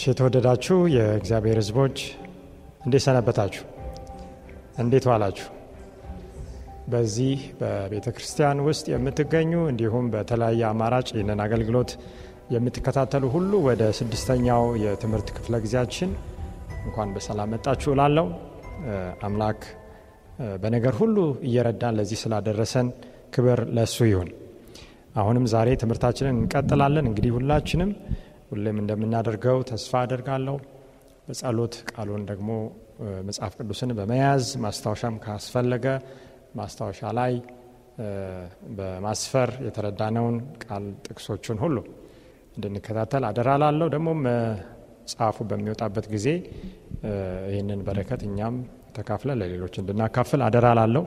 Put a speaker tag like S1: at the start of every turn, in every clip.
S1: እሺ የተወደዳችሁ የእግዚአብሔር ህዝቦች እንዴት ሰነበታችሁ? እንዴት ዋላችሁ? በዚህ በቤተ ክርስቲያን ውስጥ የምትገኙ እንዲሁም በተለያየ አማራጭ ይህንን አገልግሎት የምትከታተሉ ሁሉ ወደ ስድስተኛው የትምህርት ክፍለ ጊዜያችን እንኳን በሰላም መጣችሁ ላለው አምላክ በነገር ሁሉ እየረዳን ለዚህ ስላደረሰን ክብር ለሱ ይሁን። አሁንም ዛሬ ትምህርታችንን እንቀጥላለን። እንግዲህ ሁላችንም ሁሌም እንደምናደርገው ተስፋ አደርጋለሁ። በጸሎት ቃሉን ደግሞ መጽሐፍ ቅዱስን በመያዝ ማስታወሻም ካስፈለገ ማስታወሻ ላይ በማስፈር የተረዳነውን ቃል ጥቅሶቹን ሁሉ እንድንከታተል አደራ ደግሞ መጽሐፉ በሚወጣበት ጊዜ ይህንን በረከት እኛም ተካፍለ ለሌሎች እንድናካፍል አደራላለሁ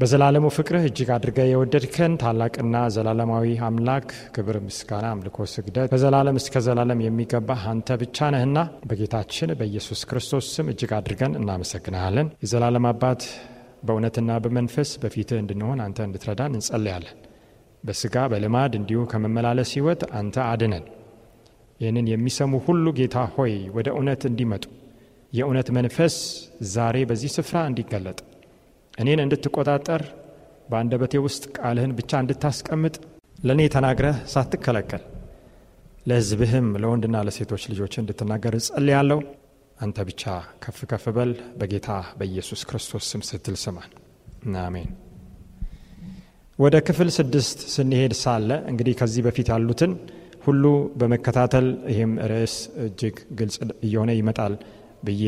S1: በዘላለሙ ፍቅርህ እጅግ አድርገ የወደድከን ታላቅና ዘላለማዊ አምላክ ክብር፣ ምስጋና፣ አምልኮ፣ ስግደት በዘላለም እስከ ዘላለም የሚገባ አንተ ብቻ ነህና በጌታችን በኢየሱስ ክርስቶስ ስም እጅግ አድርገን እናመሰግናለን። የዘላለም አባት በእውነትና በመንፈስ በፊትህ እንድንሆን አንተ እንድትረዳን እንጸልያለን። በስጋ በልማድ እንዲሁ ከመመላለስ ሕይወት አንተ አድነን። ይህንን የሚሰሙ ሁሉ ጌታ ሆይ ወደ እውነት እንዲመጡ የእውነት መንፈስ ዛሬ በዚህ ስፍራ እንዲገለጥ እኔን እንድትቆጣጠር በአንደበቴ ውስጥ ቃልህን ብቻ እንድታስቀምጥ ለእኔ ተናግረህ ሳትከለከል ለህዝብህም ለወንድና ለሴቶች ልጆች እንድትናገር ያለው አንተ ብቻ ከፍ ከፍ በል በጌታ በኢየሱስ ክርስቶስ ስም ስትል ስማን። አሜን። ወደ ክፍል ስድስት ስንሄድ ሳለ እንግዲህ ከዚህ በፊት ያሉትን ሁሉ በመከታተል ይህም ርዕስ እጅግ ግልጽ እየሆነ ይመጣል ብዬ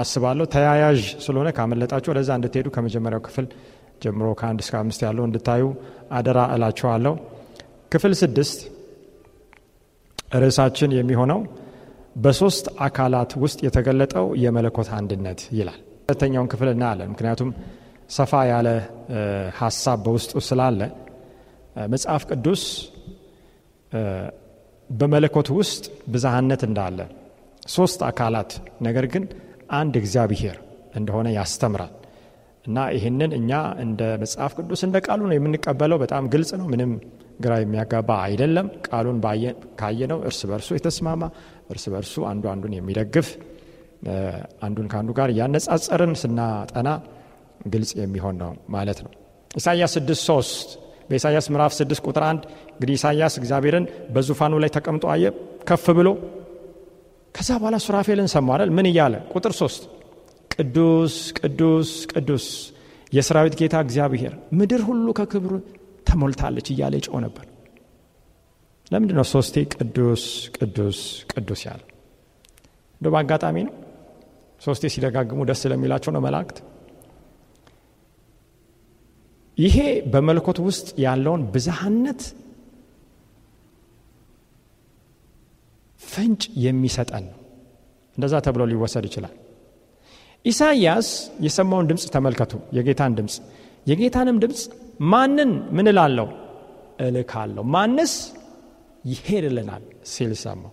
S1: አስባለሁ። ተያያዥ ስለሆነ ካመለጣችሁ ወደዛ እንድትሄዱ ከመጀመሪያው ክፍል ጀምሮ ከአንድ እስከ አምስት ያለው እንድታዩ አደራ እላችኋለሁ። ክፍል ስድስት ርዕሳችን የሚሆነው በሶስት አካላት ውስጥ የተገለጠው የመለኮት አንድነት ይላል። ሁለተኛውን ክፍል እናያለን። ምክንያቱም ሰፋ ያለ ሀሳብ በውስጡ ስላለ መጽሐፍ ቅዱስ በመለኮት ውስጥ ብዛሃነት እንዳለ ሶስት አካላት ነገር ግን አንድ እግዚአብሔር እንደሆነ ያስተምራል እና ይህንን እኛ እንደ መጽሐፍ ቅዱስ እንደ ቃሉ ነው የምንቀበለው። በጣም ግልጽ ነው። ምንም ግራ የሚያጋባ አይደለም። ቃሉን ካየነው እርስ በርሱ የተስማማ እርስ በርሱ አንዱ አንዱን የሚደግፍ አንዱን ከአንዱ ጋር እያነጻጸርን ስናጠና ግልጽ የሚሆን ነው ማለት ነው። ኢሳያስ 6 በኢሳያስ ምዕራፍ 6 ቁጥር 1 እንግዲህ ኢሳያስ እግዚአብሔርን በዙፋኑ ላይ ተቀምጦ አየ ከፍ ብሎ ከዛ በኋላ ሱራፌልን ሰማለል ምን እያለ ቁጥር ሶስት ቅዱስ ቅዱስ ቅዱስ የሰራዊት ጌታ እግዚአብሔር ምድር ሁሉ ከክብሩ ተሞልታለች እያለ ይጮህ ነበር። ለምንድ ነው ሶስቴ ቅዱስ ቅዱስ ቅዱስ ያለ? እንደ በአጋጣሚ ነው? ሶስቴ ሲደጋግሙ ደስ ለሚላቸው ነው መላእክት። ይሄ በመልኮት ውስጥ ያለውን ብዝሃነት ፍንጭ የሚሰጠን ነው። እንደዛ ተብሎ ሊወሰድ ይችላል። ኢሳይያስ የሰማውን ድምፅ ተመልከቱ፣ የጌታን ድምፅ የጌታንም ድምፅ ማንን ምን ላለው እልካለሁ፣ ማንስ ይሄድልናል ሲል ሰማው።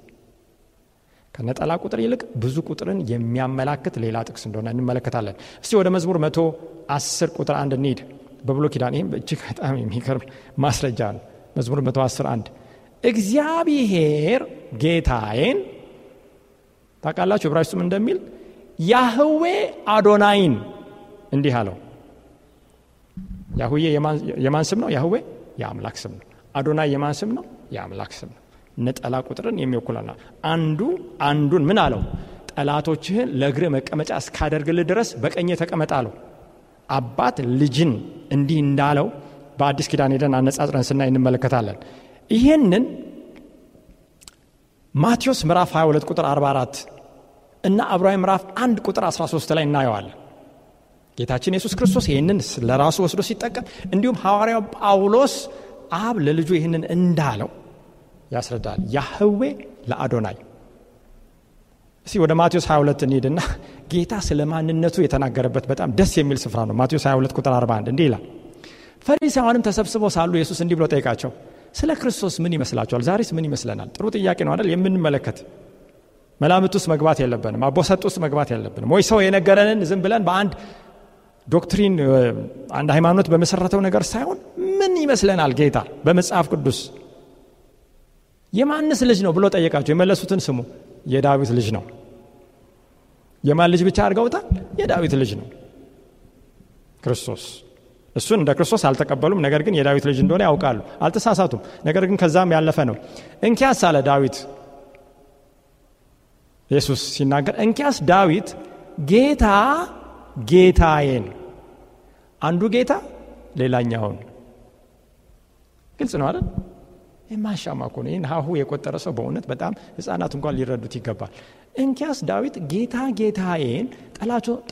S1: ከነጠላ ቁጥር ይልቅ ብዙ ቁጥርን የሚያመላክት ሌላ ጥቅስ እንደሆነ እንመለከታለን። እስቲ ወደ መዝሙር መቶ አስር ቁጥር አንድ እንሂድ። በብሎ ኪዳን ይህም እጅግ በጣም የሚገርም ማስረጃ ነው። መዝሙር መቶ አስር አንድ እግዚአብሔር ጌታዬን ታውቃላችሁ። ስም እንደሚል ያህዌ አዶናይን እንዲህ አለው። ያሁዬ የማን ስም ነው? ያህዌ የአምላክ ስም ነው። አዶናይ የማን ስም ነው? የአምላክ ስም ነው። ነጠላ ቁጥርን የሚወክላል። አንዱ አንዱን ምን አለው? ጠላቶችህን ለእግር መቀመጫ እስካደርግልህ ድረስ በቀኘ ተቀመጥ አለው። አባት ልጅን እንዲህ እንዳለው በአዲስ ኪዳን ሄደን አነጻጽረን ስናይ እንመለከታለን። ይህንን ማቴዎስ ምዕራፍ 22 ቁጥር 44 እና አብራዊ ምዕራፍ 1 ቁጥር 13 ላይ እናየዋለን። ጌታችን ኢየሱስ ክርስቶስ ይህንን ለራሱ ወስዶ ሲጠቀም እንዲሁም ሐዋርያው ጳውሎስ አብ ለልጁ ይህንን እንዳለው ያስረዳል። ያህዌ ለአዶናይ። እስ ወደ ማቴዎስ 22 እንሄድና ጌታ ስለ ማንነቱ የተናገረበት በጣም ደስ የሚል ስፍራ ነው። ማቴዎስ 22 ቁጥር 41 እንዲህ ይላል። ፈሪሳውያንም ተሰብስበው ሳሉ ኢየሱስ እንዲህ ብሎ ጠይቃቸው ስለ ክርስቶስ ምን ይመስላቸዋል ዛሬስ ምን ይመስለናል? ጥሩ ጥያቄ ነው አይደል? የምንመለከት መላምት ውስጥ መግባት የለብንም። አቦሰጥ ውስጥ መግባት የለብንም። ወይ ሰው የነገረንን ዝም ብለን በአንድ ዶክትሪን አንድ ሃይማኖት በመሰረተው ነገር ሳይሆን ምን ይመስለናል ጌታ በመጽሐፍ ቅዱስ የማንስ ልጅ ነው ብሎ ጠየቃቸው። የመለሱትን ስሙ፣ የዳዊት ልጅ ነው። የማን ልጅ ብቻ አድርገውታል? የዳዊት ልጅ ነው ክርስቶስ እሱን እንደ ክርስቶስ አልተቀበሉም። ነገር ግን የዳዊት ልጅ እንደሆነ ያውቃሉ፣ አልተሳሳቱም። ነገር ግን ከዛም ያለፈ ነው። እንኪያስ አለ ዳዊት ኢየሱስ ሲናገር፣ እንኪያስ ዳዊት ጌታ ጌታዬን አንዱ ጌታ ሌላኛውን ግልጽ ነው አይደል? የማሻማ እኮ ይህን ሀሁ የቆጠረ ሰው በእውነት በጣም ህጻናት እንኳን ሊረዱት ይገባል። እንኪያስ ዳዊት ጌታ ጌታዬን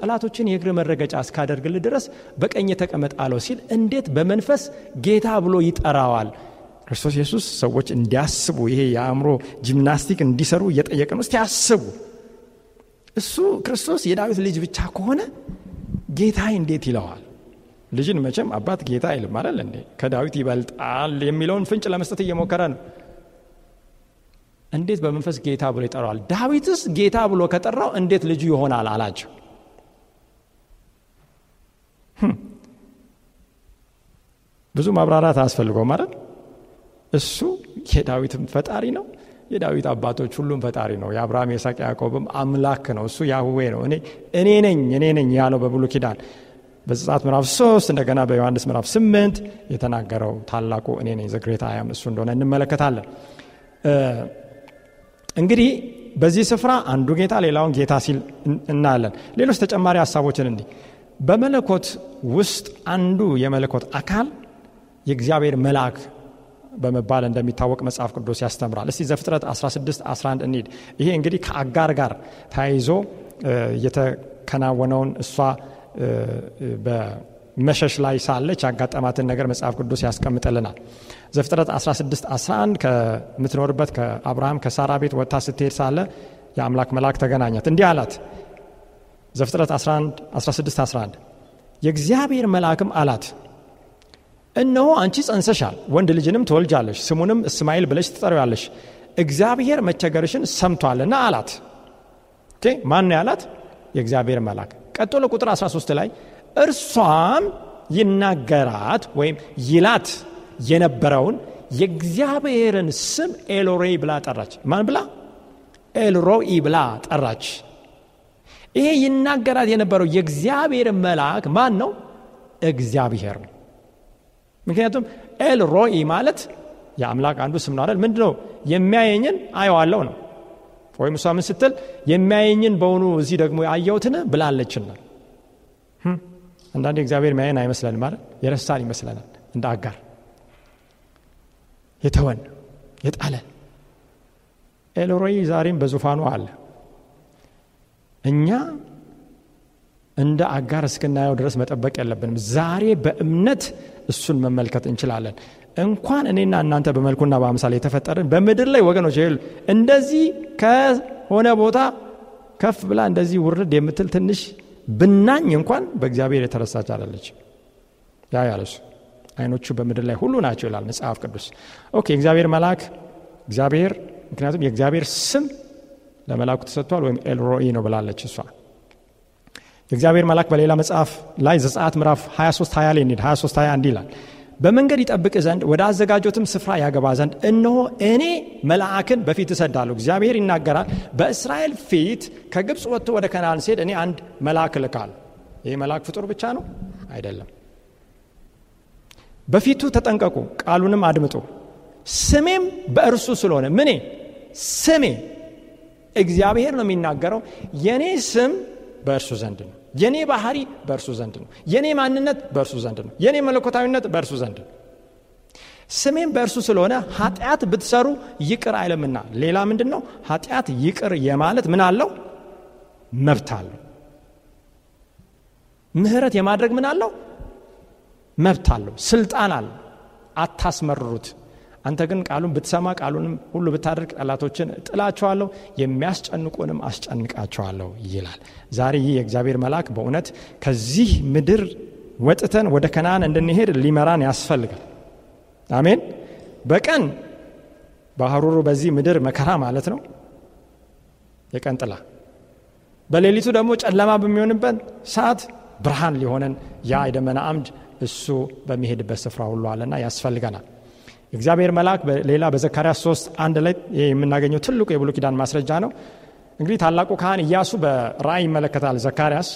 S1: ጠላቶችን የእግር መረገጫ እስካደርግል ድረስ በቀኝ ተቀመጥ አለው ሲል እንዴት በመንፈስ ጌታ ብሎ ይጠራዋል? ክርስቶስ ኢየሱስ ሰዎች እንዲያስቡ ይሄ የአእምሮ ጂምናስቲክ እንዲሰሩ እየጠየቀ ነው። ያስቡ። እሱ ክርስቶስ የዳዊት ልጅ ብቻ ከሆነ ጌታዬ እንዴት ይለዋል? ልጅን መቼም አባት ጌታ አይልም አይደል እንዴ? ከዳዊት ይበልጣል የሚለውን ፍንጭ ለመስጠት እየሞከረ ነው። እንዴት በመንፈስ ጌታ ብሎ ይጠራዋል? ዳዊትስ ጌታ ብሎ ከጠራው እንዴት ልጁ ይሆናል አላቸው። ብዙ ማብራራት አስፈልገው አይደል? እሱ የዳዊትም ፈጣሪ ነው። የዳዊት አባቶች ሁሉም ፈጣሪ ነው። የአብርሃም የሳቅ ያዕቆብም አምላክ ነው። እሱ ያህዌ ነው። እኔ እኔ ነኝ እኔ ነኝ ያለው በብሉ ኪዳን በዘጸአት ምዕራፍ 3 እንደገና በዮሐንስ ምዕራፍ 8 የተናገረው ታላቁ እኔ ነኝ ዘግሬታ አያም እሱ እንደሆነ እንመለከታለን። እንግዲህ በዚህ ስፍራ አንዱ ጌታ ሌላውን ጌታ ሲል እናያለን። ሌሎች ተጨማሪ ሀሳቦችን እንዲህ በመለኮት ውስጥ አንዱ የመለኮት አካል የእግዚአብሔር መልአክ በመባል እንደሚታወቅ መጽሐፍ ቅዱስ ያስተምራል። እስቲ ዘፍጥረት 16 11 እንሂድ። ይሄ እንግዲህ ከአጋር ጋር ተያይዞ የተከናወነውን እሷ በመሸሽ ላይ ሳለች ያጋጠማትን ነገር መጽሐፍ ቅዱስ ያስቀምጥልናል። ዘፍጥረት 16 11 ከምትኖርበት ከአብርሃም ከሳራ ቤት ወጥታ ስትሄድ ሳለ የአምላክ መልአክ ተገናኛት፣ እንዲህ አላት። ዘፍጥረት 16 11 የእግዚአብሔር መልአክም አላት እነሆ አንቺ ጸንሰሻል፣ ወንድ ልጅንም ትወልጃለሽ፣ ስሙንም እስማኤል ብለሽ ትጠሪያለሽ እግዚአብሔር መቸገርሽን ሰምቷልና አላት። ማን ያላት? የእግዚአብሔር መልአክ። ቀጥሎ ቁጥር 13 ላይ እርሷም ይናገራት ወይም ይላት የነበረውን የእግዚአብሔርን ስም ኤሎሬ ብላ ጠራች። ማን ብላ? ኤልሮኢ ብላ ጠራች። ይሄ ይናገራት የነበረው የእግዚአብሔር መልአክ ማን ነው? እግዚአብሔር ነው። ምክንያቱም ኤልሮኢ ማለት የአምላክ አንዱ ስም ነው አይደል? ምንድነው? የሚያየኝን አየዋለው ነው ወይም እሷ ምን ስትል የሚያየኝን በውኑ እዚህ ደግሞ አየውትን ብላለችና hm? አንዳንድ እግዚአብሔር ሚያየን አይመስለን ማለት የረሳን ይመስለናል እንደ አጋር የተወን የጣለ ኤልሮይ ዛሬም በዙፋኑ አለ እኛ እንደ አጋር እስክናየው ድረስ መጠበቅ የለብንም ዛሬ በእምነት እሱን መመልከት እንችላለን እንኳን እኔና እናንተ በመልኩና በአምሳል የተፈጠርን በምድር ላይ ወገኖች ይሉ እንደዚህ ከሆነ ቦታ ከፍ ብላ እንደዚህ ውርድ የምትል ትንሽ ብናኝ እንኳን በእግዚአብሔር የተረሳች አለች ያ ያለሱ አይኖቹ በምድር ላይ ሁሉ ናቸው ይላል መጽሐፍ ቅዱስ። ኦኬ እግዚአብሔር መልአክ እግዚአብሔር ምክንያቱም የእግዚአብሔር ስም ለመልአኩ ተሰጥቷል፣ ወይም ኤልሮኢ ነው ብላለች እሷ። የእግዚአብሔር መልአክ በሌላ መጽሐፍ ላይ ዘጻት ምዕራፍ 23 20 ላይ እንሂድ። 23 20 እንዲህ ይላል በመንገድ ይጠብቅ ዘንድ ወደ አዘጋጆትም ስፍራ ያገባ ዘንድ እነሆ እኔ መልአክን በፊት እሰዳለሁ። እግዚአብሔር ይናገራል። በእስራኤል ፊት ከግብፅ ወጥቶ ወደ ከናን ሲሄድ እኔ አንድ መልአክ ልካል ይህ መልአክ ፍጡር ብቻ ነው አይደለም። በፊቱ ተጠንቀቁ፣ ቃሉንም አድምጡ። ስሜም በእርሱ ስለሆነ ምኔ ስሜ እግዚአብሔር ነው የሚናገረው። የእኔ ስም በእርሱ ዘንድ ነው። የኔ ባህሪ በእርሱ ዘንድ ነው። የኔ ማንነት በእርሱ ዘንድ ነው። የኔ መለኮታዊነት በእርሱ ዘንድ ነው። ስሜም በእርሱ ስለሆነ ኃጢአት ብትሰሩ ይቅር አይለምና። ሌላ ምንድን ነው? ኃጢአት ይቅር የማለት ምን አለው? መብት አለው። ምህረት የማድረግ ምን አለው? መብት አለው። ስልጣን አለው። አታስመርሩት። አንተ ግን ቃሉን ብትሰማ ቃሉንም ሁሉ ብታደርግ ጠላቶችን ጥላቸዋለሁ፣ የሚያስጨንቁንም አስጨንቃቸዋለሁ ይላል። ዛሬ ይህ የእግዚአብሔር መልአክ በእውነት ከዚህ ምድር ወጥተን ወደ ከነአን እንድንሄድ ሊመራን ያስፈልጋል። አሜን። በቀን ባህሩሩ በዚህ ምድር መከራ ማለት ነው፣ የቀን ጥላ። በሌሊቱ ደግሞ ጨለማ በሚሆንበት ሰዓት ብርሃን ሊሆነን ያ የደመና አምድ እሱ በሚሄድበት ስፍራ ሁሉ አለና ያስፈልገናል። እግዚአብሔር መልአክ ሌላ በዘካርያስ 3 አንድ ላይ የምናገኘው ትልቁ የብሉይ ኪዳን ማስረጃ ነው። እንግዲህ ታላቁ ካህን እያሱ በራእይ ይመለከታል። ዘካርያስ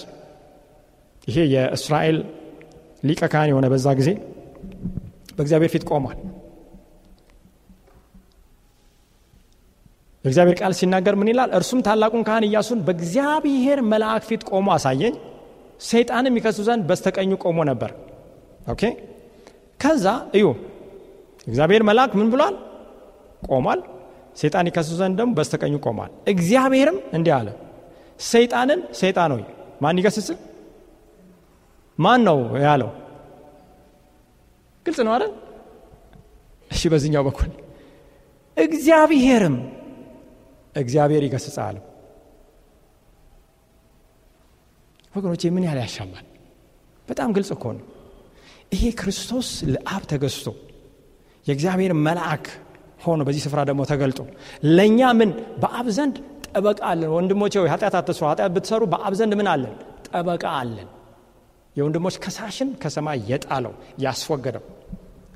S1: ይሄ የእስራኤል ሊቀ ካህን የሆነ በዛ ጊዜ በእግዚአብሔር ፊት ቆሟል። የእግዚአብሔር ቃል ሲናገር ምን ይላል? እርሱም ታላቁን ካህን እያሱን በእግዚአብሔር መልአክ ፊት ቆሞ አሳየኝ፣ ሰይጣንም ይከሱ ዘንድ በስተቀኙ ቆሞ ነበር። ኦኬ ከዛ እዩ እግዚአብሔር መልአክ ምን ብሏል? ቆሟል። ሰይጣን ይከሱ ዘንድ ደግሞ በስተቀኙ ቆሟል። እግዚአብሔርም እንዲህ አለ፣ ሰይጣንን ሰይጣን ሆይ ማን ይገስስል? ማን ነው ያለው? ግልጽ ነው አይደል? እሺ፣ በዚህኛው በኩል እግዚአብሔርም እግዚአብሔር ይገስጻል። ወገኖቼ ምን ያህል ያሻማል! በጣም ግልጽ እኮ ነው። ይሄ ክርስቶስ ለአብ ተገዝቶ የእግዚአብሔር መልአክ ሆኖ በዚህ ስፍራ ደግሞ ተገልጦ ለእኛ ምን በአብ ዘንድ ጠበቃ አለን። ወንድሞች ወይ ኃጢአት አትስሩ፣ ኃጢአት ብትሰሩ በአብ ዘንድ ምን አለን? ጠበቃ አለን። የወንድሞች ከሳሽን ከሰማይ የጣለው ያስወገደው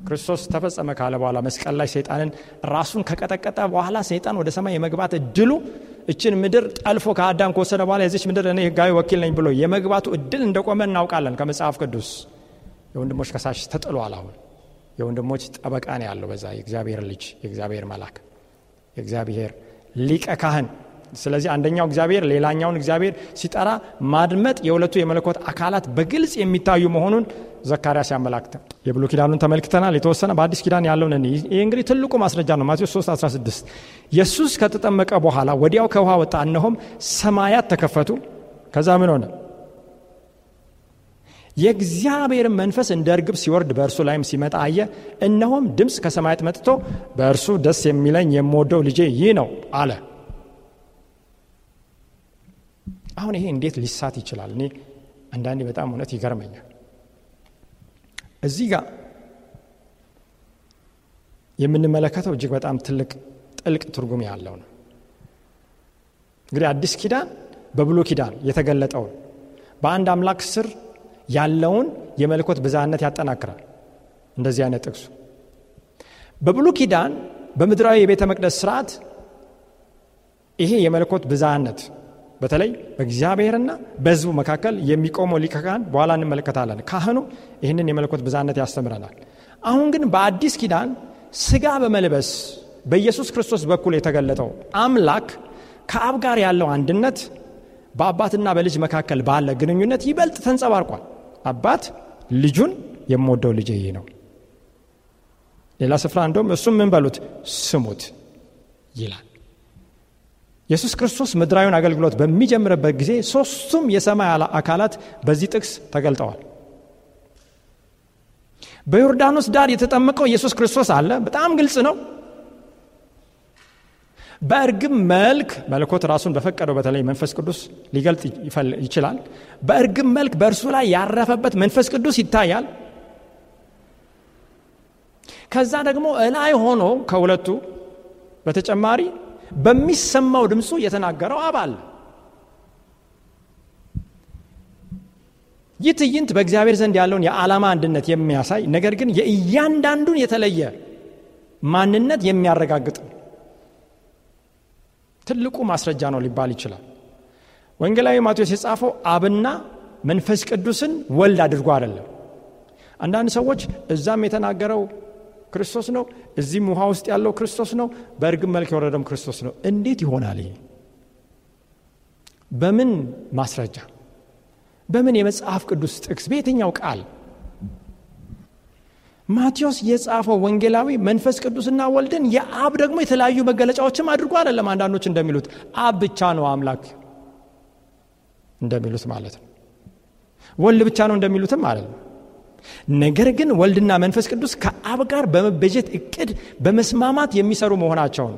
S1: ክርስቶስ ተፈጸመ ካለ በኋላ መስቀል ላይ ሰይጣንን ራሱን ከቀጠቀጠ በኋላ ሰይጣን ወደ ሰማይ የመግባት እድሉ እችን ምድር ጠልፎ ከአዳም ከወሰደ በኋላ የዚች ምድር እኔ ህጋዊ ወኪል ነኝ ብሎ የመግባቱ እድል እንደቆመ እናውቃለን ከመጽሐፍ ቅዱስ። የወንድሞች ከሳሽ ተጥሏል አሁን የወንድሞች ጠበቃ ነው ያለው በዛ የእግዚአብሔር ልጅ የእግዚአብሔር መልአክ የእግዚአብሔር ሊቀ ካህን ስለዚህ አንደኛው እግዚአብሔር ሌላኛውን እግዚአብሔር ሲጠራ ማድመጥ የሁለቱ የመለኮት አካላት በግልጽ የሚታዩ መሆኑን ዘካርያስ ያመላክተ የብሉ ኪዳኑን ተመልክተናል የተወሰነ በአዲስ ኪዳን ያለውን ይህ እንግዲህ ትልቁ ማስረጃ ነው ማቴዎስ 3 16 ኢየሱስ ከተጠመቀ በኋላ ወዲያው ከውሃ ወጣ እነሆም ሰማያት ተከፈቱ ከዛ ምን ሆነ የእግዚአብሔር መንፈስ እንደ እርግብ ሲወርድ በእርሱ ላይም ሲመጣ አየ። እነሆም ድምፅ ከሰማያት መጥቶ በእርሱ ደስ የሚለኝ የምወደው ልጄ ይህ ነው አለ። አሁን ይሄ እንዴት ሊሳት ይችላል? እኔ አንዳንዴ በጣም እውነት ይገርመኛል። እዚህ ጋር የምንመለከተው እጅግ በጣም ትልቅ ጥልቅ ትርጉም ያለው ነው። እንግዲህ አዲስ ኪዳን በብሎ ኪዳን የተገለጠውን በአንድ አምላክ ስር ያለውን የመለኮት ብዛነት ያጠናክራል። እንደዚህ አይነት ጥቅሱ በብሉ ኪዳን በምድራዊ የቤተ መቅደስ ስርዓት ይሄ የመለኮት ብዛነት በተለይ በእግዚአብሔርና በህዝቡ መካከል የሚቆመው ሊቀ በኋላ እንመለከታለን። ካህኑ ይህንን የመለኮት ብዛነት ያስተምረናል። አሁን ግን በአዲስ ኪዳን ስጋ በመልበስ በኢየሱስ ክርስቶስ በኩል የተገለጠው አምላክ ከአብ ጋር ያለው አንድነት በአባትና በልጅ መካከል ባለ ግንኙነት ይበልጥ ተንጸባርቋል። አባት ልጁን የምወደው ልጅ ይህ ነው። ሌላ ስፍራ እንደውም እሱም ምን በሉት ስሙት ይላል። ኢየሱስ ክርስቶስ ምድራዊን አገልግሎት በሚጀምርበት ጊዜ ሶስቱም የሰማይ አካላት በዚህ ጥቅስ ተገልጠዋል። በዮርዳኖስ ዳር የተጠመቀው ኢየሱስ ክርስቶስ አለ። በጣም ግልጽ ነው። በእርግብ መልክ መለኮት ራሱን በፈቀደው በተለይ መንፈስ ቅዱስ ሊገልጥ ይችላል። በእርግብ መልክ በእርሱ ላይ ያረፈበት መንፈስ ቅዱስ ይታያል። ከዛ ደግሞ እላይ ሆኖ ከሁለቱ በተጨማሪ በሚሰማው ድምፁ የተናገረው አባል ይህ ትዕይንት በእግዚአብሔር ዘንድ ያለውን የዓላማ አንድነት የሚያሳይ ነገር ግን የእያንዳንዱን የተለየ ማንነት የሚያረጋግጥ ነው። ትልቁ ማስረጃ ነው ሊባል ይችላል። ወንጌላዊ ማቴዎስ የጻፈው አብና መንፈስ ቅዱስን ወልድ አድርጎ አይደለም። አንዳንድ ሰዎች እዛም የተናገረው ክርስቶስ ነው፣ እዚህም ውሃ ውስጥ ያለው ክርስቶስ ነው፣ በእርግብ መልክ የወረደም ክርስቶስ ነው። እንዴት ይሆናል ይሄ? በምን ማስረጃ? በምን የመጽሐፍ ቅዱስ ጥቅስ? በየትኛው ቃል ማቴዎስ የጻፈው ወንጌላዊ መንፈስ ቅዱስና ወልድን የአብ ደግሞ የተለያዩ መገለጫዎችም አድርጎ አይደለም። አንዳንዶች እንደሚሉት አብ ብቻ ነው አምላክ እንደሚሉት ማለት ነው። ወልድ ብቻ ነው እንደሚሉትም ማለት ነው። ነገር ግን ወልድና መንፈስ ቅዱስ ከአብ ጋር በመበጀት እቅድ በመስማማት የሚሰሩ መሆናቸውን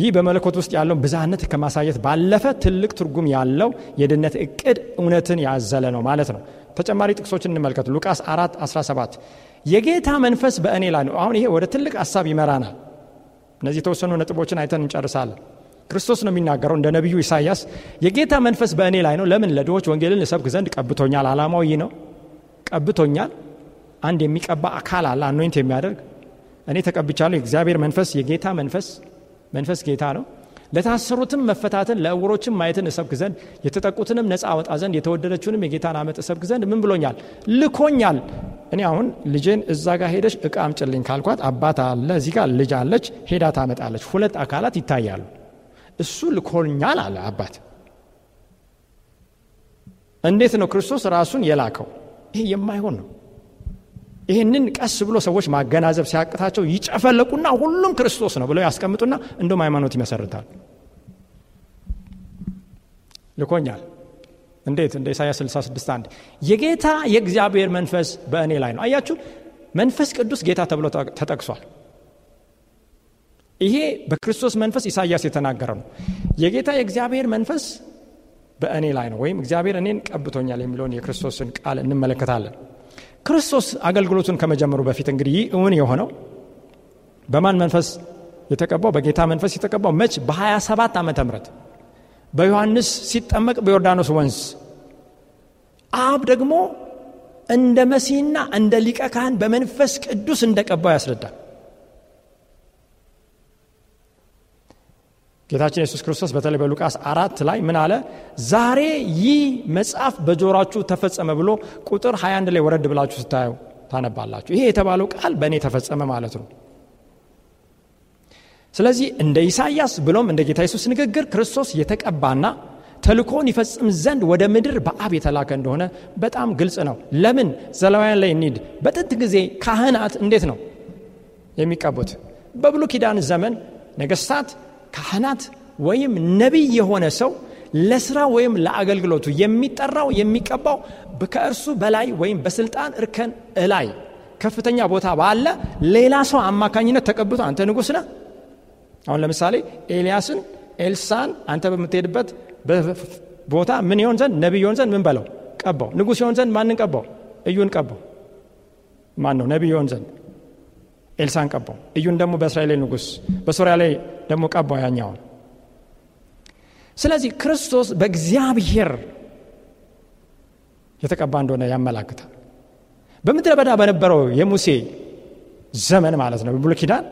S1: ይህ በመለኮት ውስጥ ያለውን ብዛነት ከማሳየት ባለፈ ትልቅ ትርጉም ያለው የድነት እቅድ እውነትን ያዘለ ነው ማለት ነው። ተጨማሪ ጥቅሶችን እንመልከት። ሉቃስ 4 17 የጌታ መንፈስ በእኔ ላይ ነው። አሁን ይሄ ወደ ትልቅ ሀሳብ ይመራናል። እነዚህ የተወሰኑ ነጥቦችን አይተን እንጨርሳለን። ክርስቶስ ነው የሚናገረው እንደ ነቢዩ ኢሳያስ የጌታ መንፈስ በእኔ ላይ ነው። ለምን? ለድሆች ወንጌልን ልሰብክ ዘንድ ቀብቶኛል። አላማው ይህ ነው። ቀብቶኛል። አንድ የሚቀባ አካል አለ፣ አኖይንት የሚያደርግ እኔ ተቀብቻለሁ። የእግዚአብሔር መንፈስ የጌታ መንፈስ መንፈስ ጌታ ነው ለታሰሩትም መፈታትን ለእውሮችም ማየትን እሰብክ ዘንድ የተጠቁትንም ነፃ አወጣ ዘንድ የተወደደችውንም የጌታን አመት እሰብክ ዘንድ ምን ብሎኛል ልኮኛል እኔ አሁን ልጄን እዛ ጋር ሄደች እቃ አምጭልኝ ካልኳት አባት አለ እዚህ ጋር ልጅ አለች ሄዳ ታመጣለች ሁለት አካላት ይታያሉ እሱ ልኮኛል አለ አባት እንዴት ነው ክርስቶስ ራሱን የላከው ይሄ የማይሆን ነው ይህንን ቀስ ብሎ ሰዎች ማገናዘብ ሲያቅታቸው ይጨፈለቁና ሁሉም ክርስቶስ ነው ብለው ያስቀምጡና እንደውም ሃይማኖት ይመሰርታል። ልኮኛል እንዴት? እንደ ኢሳያስ 66 1 የጌታ የእግዚአብሔር መንፈስ በእኔ ላይ ነው። አያችሁ፣ መንፈስ ቅዱስ ጌታ ተብሎ ተጠቅሷል። ይሄ በክርስቶስ መንፈስ ኢሳያስ የተናገረ ነው። የጌታ የእግዚአብሔር መንፈስ በእኔ ላይ ነው ወይም እግዚአብሔር እኔን ቀብቶኛል የሚለውን የክርስቶስን ቃል እንመለከታለን። ክርስቶስ አገልግሎቱን ከመጀመሩ በፊት እንግዲህ እውን የሆነው በማን መንፈስ የተቀባው? በጌታ መንፈስ የተቀባው መች? በ27 ዓመተ ምህረት በዮሐንስ ሲጠመቅ በዮርዳኖስ ወንዝ አብ ደግሞ እንደ መሲህና እንደ ሊቀ ካህን በመንፈስ ቅዱስ እንደቀባው ያስረዳል። ጌታችን የሱስ ክርስቶስ በተለይ በሉቃስ አራት ላይ ምን አለ? ዛሬ ይህ መጽሐፍ በጆሯችሁ ተፈጸመ ብሎ ቁጥር 21 ላይ ወረድ ብላችሁ ስታዩ ታነባላችሁ። ይሄ የተባለው ቃል በእኔ ተፈጸመ ማለት ነው። ስለዚህ እንደ ኢሳይያስ ብሎም እንደ ጌታ የሱስ ንግግር ክርስቶስ የተቀባና ተልኮን ይፈጽም ዘንድ ወደ ምድር በአብ የተላከ እንደሆነ በጣም ግልጽ ነው። ለምን ዘሌዋውያን ላይ እኒድ በጥንት ጊዜ ካህናት እንዴት ነው የሚቀቡት? በብሉ ኪዳን ዘመን ነገስታት ካህናት ወይም ነቢይ የሆነ ሰው ለስራ ወይም ለአገልግሎቱ የሚጠራው የሚቀባው ከእርሱ በላይ ወይም በስልጣን እርከን እላይ ከፍተኛ ቦታ ባለ ሌላ ሰው አማካኝነት ተቀብቶ አንተ ንጉሥ ነ አሁን ለምሳሌ ኤልያስን ኤልሳን አንተ በምትሄድበት ቦታ ምን ይሆን ዘንድ ነቢይ ይሆን ዘንድ ምን በለው ቀባው። ንጉሥ ይሆን ዘንድ ማንን ቀባው? እዩን ቀባው። ማን ነው ነቢይ ይሆን ዘንድ ኤልሳን ቀባው። እዩን ደግሞ በእስራኤል ንጉሥ በሶሪያ ላይ ደግሞ ቀባው ያኛውን። ስለዚህ ክርስቶስ በእግዚአብሔር የተቀባ እንደሆነ ያመላክታል። በምድረ በዳ በነበረው የሙሴ ዘመን ማለት ነው ብሎ ኪዳን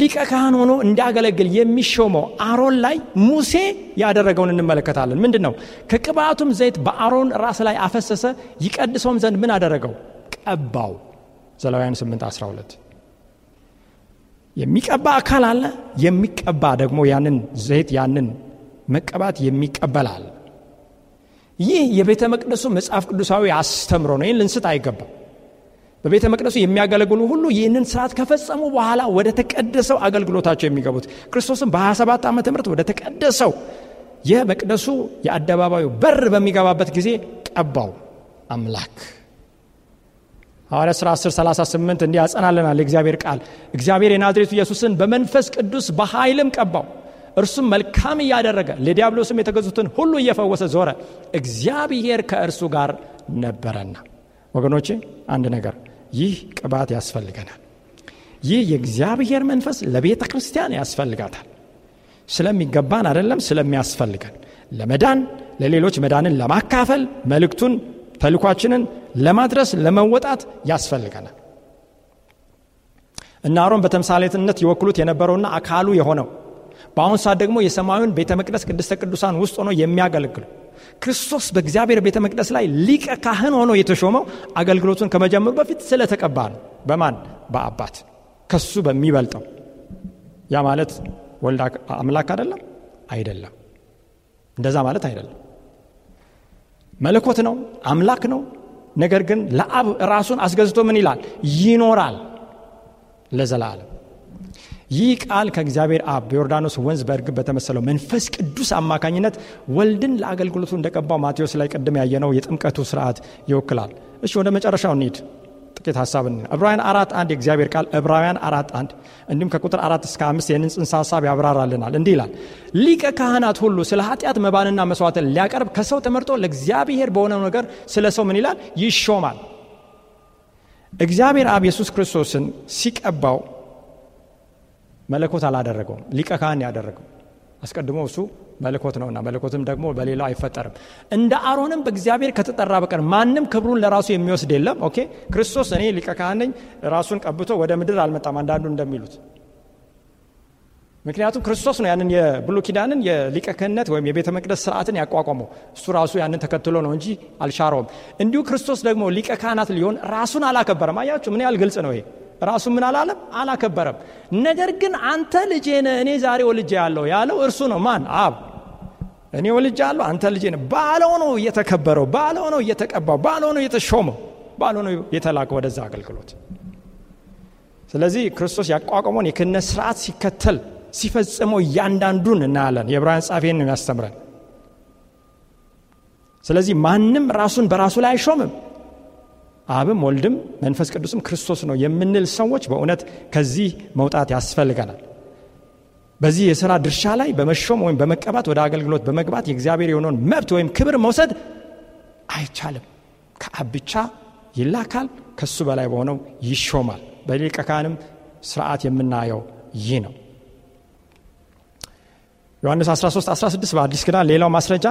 S1: ሊቀ ካህን ሆኖ እንዲያገለግል የሚሾመው አሮን ላይ ሙሴ ያደረገውን እንመለከታለን። ምንድን ነው? ከቅባቱም ዘይት በአሮን ራስ ላይ አፈሰሰ፣ ይቀድሰውም ዘንድ ምን አደረገው? ቀባው። ዘሌዋውያን 8 12 የሚቀባ አካል አለ፣ የሚቀባ ደግሞ ያንን ዘይት ያንን መቀባት የሚቀበል አለ። ይህ የቤተ መቅደሱ መጽሐፍ ቅዱሳዊ አስተምሮ ነው። ይህን ልንስት አይገባም። በቤተ መቅደሱ የሚያገለግሉ ሁሉ ይህንን ስርዓት ከፈጸሙ በኋላ ወደ ተቀደሰው አገልግሎታቸው የሚገቡት ክርስቶስም በ27 ዓመተ ምህረት ወደ ተቀደሰው የመቅደሱ የአደባባዩ በር በሚገባበት ጊዜ ቀባው አምላክ ሐዋርያ ሥራ 10 38 እንዲህ ያጸናልናል እግዚአብሔር ቃል እግዚአብሔር የናዝሬቱ ኢየሱስን በመንፈስ ቅዱስ በኃይልም ቀባው እርሱም መልካም እያደረገ ለዲያብሎስም የተገዙትን ሁሉ እየፈወሰ ዞረ እግዚአብሔር ከእርሱ ጋር ነበረና ወገኖቼ አንድ ነገር ይህ ቅባት ያስፈልገናል ይህ የእግዚአብሔር መንፈስ ለቤተ ክርስቲያን ያስፈልጋታል ስለሚገባን አይደለም ስለሚያስፈልገን ለመዳን ለሌሎች መዳንን ለማካፈል መልእክቱን ተልኳችንን ለማድረስ ለመወጣት ያስፈልገናል እና አሮን በተምሳሌትነት ይወክሉት የነበረውና አካሉ የሆነው በአሁን ሰዓት ደግሞ የሰማዩን ቤተ መቅደስ ቅድስተ ቅዱሳን ውስጥ ሆኖ የሚያገለግሉ ክርስቶስ በእግዚአብሔር ቤተ መቅደስ ላይ ሊቀ ካህን ሆኖ የተሾመው አገልግሎቱን ከመጀመሩ በፊት ስለተቀባ ነው። በማን በአባት ከሱ በሚበልጠው። ያ ማለት ወልድ አምላክ አይደለም አይደለም። እንደዛ ማለት አይደለም። መለኮት ነው፣ አምላክ ነው። ነገር ግን ለአብ ራሱን አስገዝቶ ምን ይላል? ይኖራል ለዘላለም። ይህ ቃል ከእግዚአብሔር አብ በዮርዳኖስ ወንዝ በእርግብ በተመሰለው መንፈስ ቅዱስ አማካኝነት ወልድን ለአገልግሎቱ እንደቀባው ማቴዎስ ላይ ቅድም ያየነው የጥምቀቱ ስርዓት ይወክላል። እሺ ወደ መጨረሻው እንሂድ። ጥቂት ሀሳብ ዕብራውያን አራት አንድ የእግዚአብሔር ቃል ዕብራውያን አራት አንድ እንዲሁም ከቁጥር አራት እስከ አምስት ይህንን ጽንሰ ሀሳብ ያብራራልናል። እንዲህ ይላል፣ ሊቀ ካህናት ሁሉ ስለ ኃጢአት መባንና መስዋዕትን ሊያቀርብ ከሰው ተመርጦ ለእግዚአብሔር በሆነው ነገር ስለ ሰው ምን ይላል ይሾማል። እግዚአብሔር አብ ኢየሱስ ክርስቶስን ሲቀባው መለኮት አላደረገውም፣ ሊቀ ካህን ያደረገው አስቀድሞ እሱ መልኮት ነውና መልኮትም ደግሞ በሌላው አይፈጠርም። እንደ አሮንም በእግዚአብሔር ከተጠራ በቀር ማንም ክብሩን ለራሱ የሚወስድ የለም። ኦኬ ክርስቶስ እኔ ሊቀ ካህነኝ ራሱን ቀብቶ ወደ ምድር አልመጣም አንዳንዱ እንደሚሉት። ምክንያቱም ክርስቶስ ነው ያንን የብሉ ኪዳንን የሊቀ ክህነት ወይም የቤተ መቅደስ ስርዓትን ያቋቋመው እሱ ራሱ ያንን ተከትሎ ነው እንጂ አልሻረውም። እንዲሁ ክርስቶስ ደግሞ ሊቀ ካህናት ሊሆን ራሱን አላከበረም። አያችሁ ምን ያህል ግልጽ ነው ይሄ ራሱ ምን አላለም? አላከበረም። ነገር ግን አንተ ልጄነ እኔ ዛሬ ወልጄ ያለው ያለው እርሱ ነው። ማን? አብ እኔ ወልጃለሁ አንተ ልጅ ነ ባለው ነው እየተከበረው፣ ባለው ነው እየተቀባው፣ ባለው ነው እየተሾመው፣ ባለው ነው የተላከው ወደዛ አገልግሎት። ስለዚህ ክርስቶስ ያቋቋመውን የክህነት ስርዓት ሲከተል ሲፈጽመው እያንዳንዱን እናያለን። የዕብራውያን ጻፌን ነው የሚያስተምረን። ስለዚህ ማንም ራሱን በራሱ ላይ አይሾምም። አብም ወልድም መንፈስ ቅዱስም ክርስቶስ ነው የምንል ሰዎች በእውነት ከዚህ መውጣት ያስፈልገናል። በዚህ የሥራ ድርሻ ላይ በመሾም ወይም በመቀባት ወደ አገልግሎት በመግባት የእግዚአብሔር የሆነውን መብት ወይም ክብር መውሰድ አይቻልም። ከአብ ብቻ ይላካል፣ ከሱ በላይ በሆነው ይሾማል። በሊቀ ካህንም ስርዓት የምናየው ይህ ነው። ዮሐንስ 13 16 በአዲስ ክዳን ሌላው ማስረጃ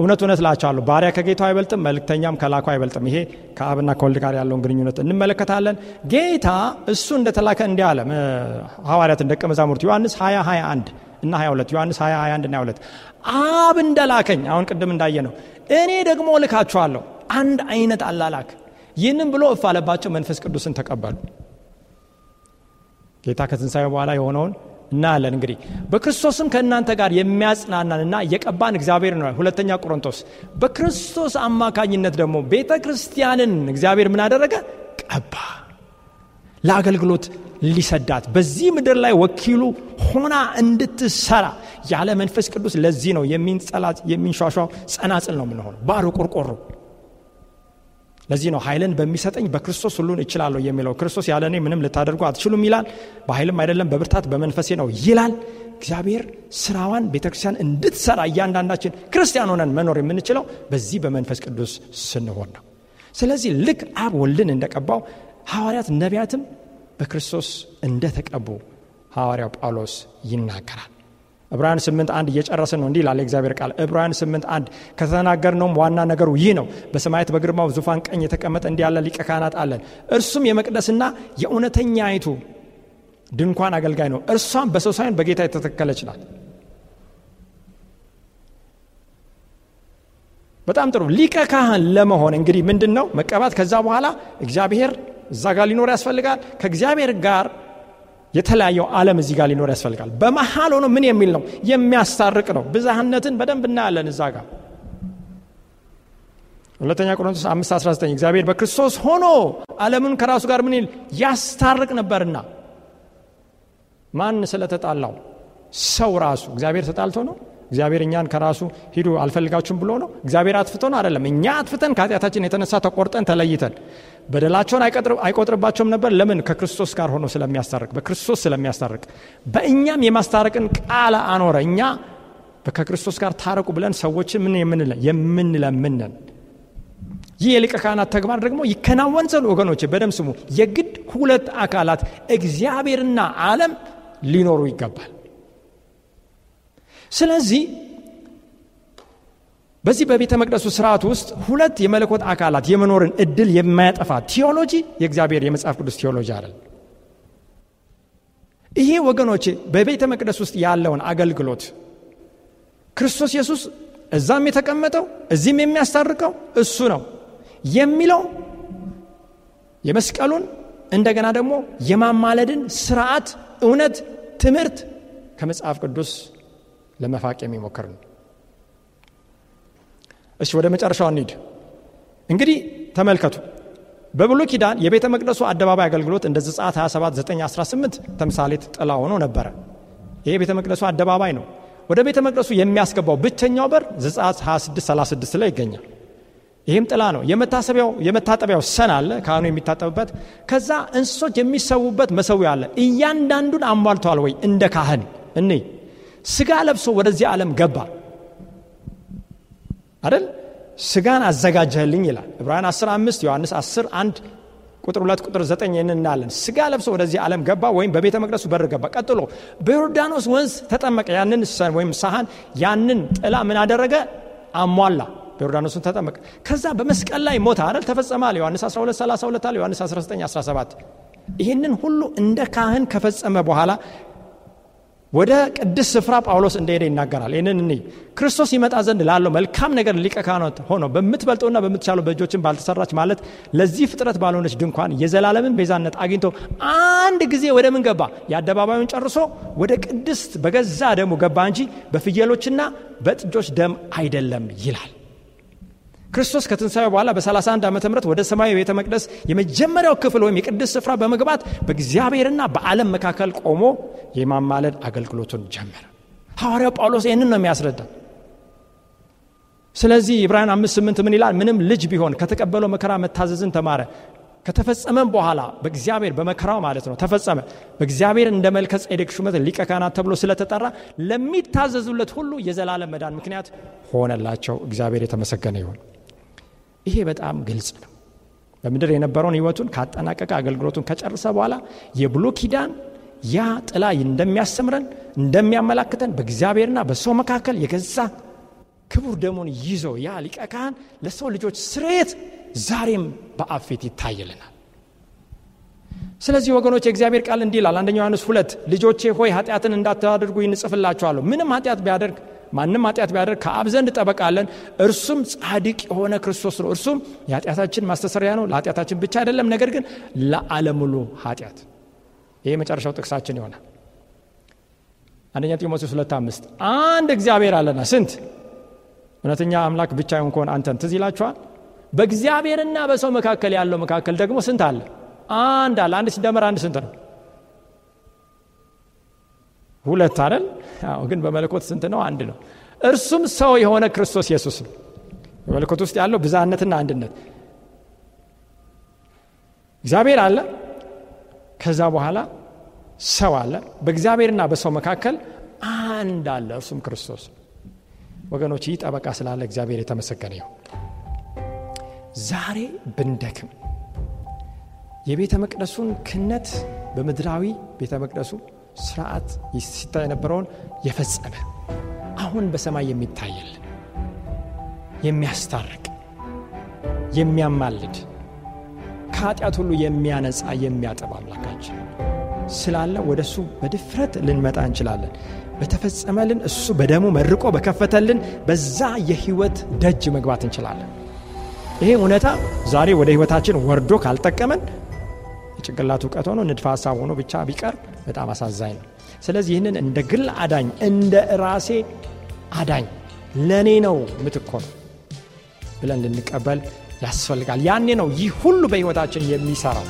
S1: እውነት እውነት እላቸዋለሁ ባሪያ ከጌታው አይበልጥም፣ መልእክተኛም ከላኩ አይበልጥም። ይሄ ከአብና ከወልድ ጋር ያለውን ግንኙነት እንመለከታለን። ጌታ እሱ እንደተላከ እንዲህ አለ። ሐዋርያትን ደቀ መዛሙርት ዮሐንስ 20 21 እና 22 ዮሐንስ 221 21 እና 22 አብ እንደላከኝ አሁን ቅድም እንዳየ ነው እኔ ደግሞ ልካችኋለሁ። አንድ አይነት አላላክ። ይህንም ብሎ እፍ አለባቸው፣ መንፈስ ቅዱስን ተቀበሉ። ጌታ ከትንሣኤ በኋላ የሆነውን እናያለን። እንግዲህ በክርስቶስም ከእናንተ ጋር የሚያጽናናንና የቀባን እግዚአብሔር ነው። ሁለተኛ ቆሮንቶስ በክርስቶስ አማካኝነት ደግሞ ቤተ ክርስቲያንን እግዚአብሔር ምን አደረገ? ቀባ። ለአገልግሎት ሊሰዳት በዚህ ምድር ላይ ወኪሉ ሆና እንድትሰራ ያለ መንፈስ ቅዱስ። ለዚህ ነው የሚንጸላ የሚንሸሸው ጸናጽል ነው ምንሆነ ባሮ ቆርቆሮ ለዚህ ነው ኃይልን በሚሰጠኝ በክርስቶስ ሁሉን እችላለሁ የሚለው። ክርስቶስ ያለ እኔ ምንም ልታደርጉ አትችሉም ይላል። በኃይልም አይደለም በብርታት በመንፈሴ ነው ይላል። እግዚአብሔር ስራዋን ቤተ ክርስቲያን እንድትሰራ እያንዳንዳችን ክርስቲያን ሆነን መኖር የምንችለው በዚህ በመንፈስ ቅዱስ ስንሆን ነው። ስለዚህ ልክ አብ ወልድን እንደቀባው ሐዋርያት ነቢያትም በክርስቶስ እንደተቀቡ ሐዋርያው ጳውሎስ ይናገራል። ዕብራውያን 8 አንድ እየጨረስን ነው። እንዲህ ይላል እግዚአብሔር ቃል ዕብራውያን 8 አንድ ከተናገርነውም ዋና ነገሩ ይህ ነው። በሰማያት በግርማው ዙፋን ቀኝ የተቀመጠ እንዲህ ያለ ሊቀ ካህናት አለን። እርሱም የመቅደስና የእውነተኛ አይቱ ድንኳን አገልጋይ ነው። እርሷም በሰው ሳይሆን በጌታ የተተከለች ናት። በጣም ጥሩ። ሊቀ ካህን ለመሆን እንግዲህ ምንድን ነው መቀባት? ከዛ በኋላ እግዚአብሔር እዛ ጋር ሊኖር ያስፈልጋል ከእግዚአብሔር ጋር የተለያየው ዓለም እዚህ ጋር ሊኖር ያስፈልጋል። በመሀል ሆኖ ምን የሚል ነው? የሚያስታርቅ ነው። ብዛህነትን በደንብ እናያለን እዛ ጋር። ሁለተኛ ቆሮንቶስ 519 እግዚአብሔር በክርስቶስ ሆኖ ዓለምን ከራሱ ጋር ምን ይል ያስታርቅ ነበርና። ማን ስለተጣላው? ሰው ራሱ። እግዚአብሔር ተጣልቶ ነው? እግዚአብሔር እኛን ከራሱ ሂዱ አልፈልጋችሁም ብሎ ነው። እግዚአብሔር ነው አይደለም። እኛ አትፍተን ከኃጢአታችን የተነሳ ተቆርጠን ተለይተን በደላቸውን አይቆጥርባቸውም ነበር። ለምን? ከክርስቶስ ጋር ሆኖ ስለሚያስታርቅ፣ በክርስቶስ ስለሚያስታርቅ በእኛም የማስታረቅን ቃል አኖረ። እኛ ከክርስቶስ ጋር ታረቁ ብለን ሰዎችን ምን የምንለምንን ይህ የሊቀ ካህናት ተግባር ደግሞ ይከናወን ዘሉ ወገኖች በደም ስሙ የግድ ሁለት አካላት እግዚአብሔርና ዓለም ሊኖሩ ይገባል። ስለዚህ በዚህ በቤተ መቅደሱ ስርዓት ውስጥ ሁለት የመለኮት አካላት የመኖርን እድል የማያጠፋ ቲዮሎጂ የእግዚአብሔር የመጽሐፍ ቅዱስ ቲዮሎጂ አለን ይሄ ወገኖች በቤተ መቅደስ ውስጥ ያለውን አገልግሎት ክርስቶስ ኢየሱስ እዛም የተቀመጠው እዚህም የሚያስታርቀው እሱ ነው የሚለው የመስቀሉን እንደገና ደግሞ የማማለድን ስርዓት፣ እውነት፣ ትምህርት ከመጽሐፍ ቅዱስ ለመፋቅ የሚሞክር ነው። እሺ ወደ መጨረሻው እንሂድ። እንግዲህ ተመልከቱ በብሉይ ኪዳን የቤተ መቅደሱ አደባባይ አገልግሎት እንደ ዘጸአት 27 9 18 ተምሳሌት ጥላ ሆኖ ነበረ። ይሄ የቤተ መቅደሱ አደባባይ ነው። ወደ ቤተ መቅደሱ የሚያስገባው ብቸኛው በር ዘጸአት 26 36 ላይ ይገኛል። ይህም ጥላ ነው። የመታሰቢያው የመታጠቢያው ሰን አለ፣ ካህኑ የሚታጠብበት። ከዛ እንስሶች የሚሰዉበት መሰዊያ አለ። እያንዳንዱን አሟልተዋል ወይ እንደ ካህን እኔ ስጋ ለብሶ ወደዚህ ዓለም ገባ አይደል ስጋን አዘጋጀህልኝ ይላል ዕብራን 15 ዮሐንስ 10 1 ቁጥር 2 ቁጥር 9 እንናለን ስጋ ለብሶ ወደዚህ ዓለም ገባ ወይም በቤተ መቅደሱ በር ገባ ቀጥሎ በዮርዳኖስ ወንዝ ተጠመቀ ያንን ወይም ሳሃን ያንን ጥላ ምን አደረገ አሟላ በዮርዳኖስን ተጠመቀ ከዛ በመስቀል ላይ ሞተ አይደል አለ ዮሐንስ 12 32 ዮሐንስ 19 17 ይህንን ሁሉ እንደ ካህን ከፈጸመ በኋላ ወደ ቅድስ ስፍራ ጳውሎስ እንደሄደ ይናገራል። ይህንን እኔ ክርስቶስ ይመጣ ዘንድ ላለው መልካም ነገር ሊቀ ካህናት ሆኖ በምትበልጠውና በምትቻለው በእጆችን ባልተሰራች ማለት ለዚህ ፍጥረት ባልሆነች ድንኳን የዘላለምን ቤዛነት አግኝቶ አንድ ጊዜ ወደ ምን ገባ? የአደባባዩን ጨርሶ ወደ ቅድስት በገዛ ደሙ ገባ እንጂ በፍየሎችና በጥጆች ደም አይደለም ይላል። ክርስቶስ ከትንሣኤ በኋላ በ31 ዓመተ ምህረት ወደ ሰማያዊ ቤተ መቅደስ የመጀመሪያው ክፍል ወይም የቅድስ ስፍራ በመግባት በእግዚአብሔርና በዓለም መካከል ቆሞ የማማለድ አገልግሎቱን ጀመረ። ሐዋርያው ጳውሎስ ይህንን ነው የሚያስረዳ። ስለዚህ ዕብራውያን አምስት ስምንት ምን ይላል? ምንም ልጅ ቢሆን ከተቀበለው መከራ መታዘዝን ተማረ። ከተፈጸመም በኋላ በእግዚአብሔር በመከራው ማለት ነው ተፈጸመ። በእግዚአብሔር እንደ መልከ ጼዴቅ ሹመት ሊቀ ካህናት ተብሎ ስለተጠራ ለሚታዘዙለት ሁሉ የዘላለም መዳን ምክንያት ሆነላቸው። እግዚአብሔር የተመሰገነ ይሆን ይሄ በጣም ግልጽ ነው። በምድር የነበረውን ህይወቱን ካጠናቀቀ አገልግሎቱን ከጨርሰ በኋላ የብሎ ኪዳን ያ ጥላ እንደሚያስተምረን እንደሚያመላክተን በእግዚአብሔርና በሰው መካከል የገዛ ክቡር ደሞን ይዞ ያ ሊቀ ካህን ለሰው ልጆች ስርየት ዛሬም በአፌት ፊት ይታይልናል። ስለዚህ ወገኖች የእግዚአብሔር ቃል እንዲህ ይላል። አንደኛው ዮሐንስ ሁለት ልጆቼ ሆይ ኃጢአትን እንዳታደርጉ ይንጽፍላችኋለሁ። ምንም ኃጢአት ቢያደርግ ማንም ኃጢአት ቢያደርግ ከአብ ዘንድ ጠበቃለን፣ እርሱም ጻድቅ የሆነ ክርስቶስ ነው። እርሱም የኃጢአታችን ማስተሰሪያ ነው። ለኃጢአታችን ብቻ አይደለም፣ ነገር ግን ለዓለም ሁሉ ኃጢአት። ይሄ የመጨረሻው ጥቅሳችን ይሆናል። አንደኛ ጢሞቴዎስ ሁለት አምስት አንድ እግዚአብሔር አለና ስንት እውነተኛ አምላክ ብቻ ይሆን ከሆን አንተን ትዝ ይላችኋል። በእግዚአብሔርና በሰው መካከል ያለው መካከል ደግሞ ስንት አለ? አንድ አለ። አንድ ሲደመር አንድ ስንት ነው? ሁለት አይደል? አዎ። ግን በመለኮት ስንት ነው? አንድ ነው። እርሱም ሰው የሆነ ክርስቶስ ኢየሱስ ነው። በመለኮት ውስጥ ያለው ብዛነትና አንድነት እግዚአብሔር አለ። ከዛ በኋላ ሰው አለ። በእግዚአብሔርና በሰው መካከል አንድ አለ፣ እርሱም ክርስቶስ ወገኖች። ይህ ጠበቃ ስላለ እግዚአብሔር የተመሰገነ ይሁን። ዛሬ ብንደክም የቤተ መቅደሱን ክነት በምድራዊ ቤተ መቅደሱ ስርዓት ሲታ የነበረውን የፈጸመ አሁን በሰማይ የሚታየል የሚያስታርቅ የሚያማልድ ከኃጢአት ሁሉ የሚያነጻ የሚያጠብ አምላካችን ስላለ ወደ እሱ በድፍረት ልንመጣ እንችላለን። በተፈጸመልን እሱ በደሙ መርቆ በከፈተልን በዛ የህይወት ደጅ መግባት እንችላለን። ይሄ እውነታ ዛሬ ወደ ህይወታችን ወርዶ ካልጠቀመን የጭቅላት እውቀት ሆኖ ንድፈ ሀሳብ ሆኖ ብቻ ቢቀር በጣም አሳዛኝ ነው። ስለዚህ ይህንን እንደ ግል አዳኝ እንደ ራሴ አዳኝ ለእኔ ነው ምትኮ ነው ብለን ልንቀበል ያስፈልጋል። ያኔ ነው ይህ ሁሉ በሕይወታችን የሚሰራው።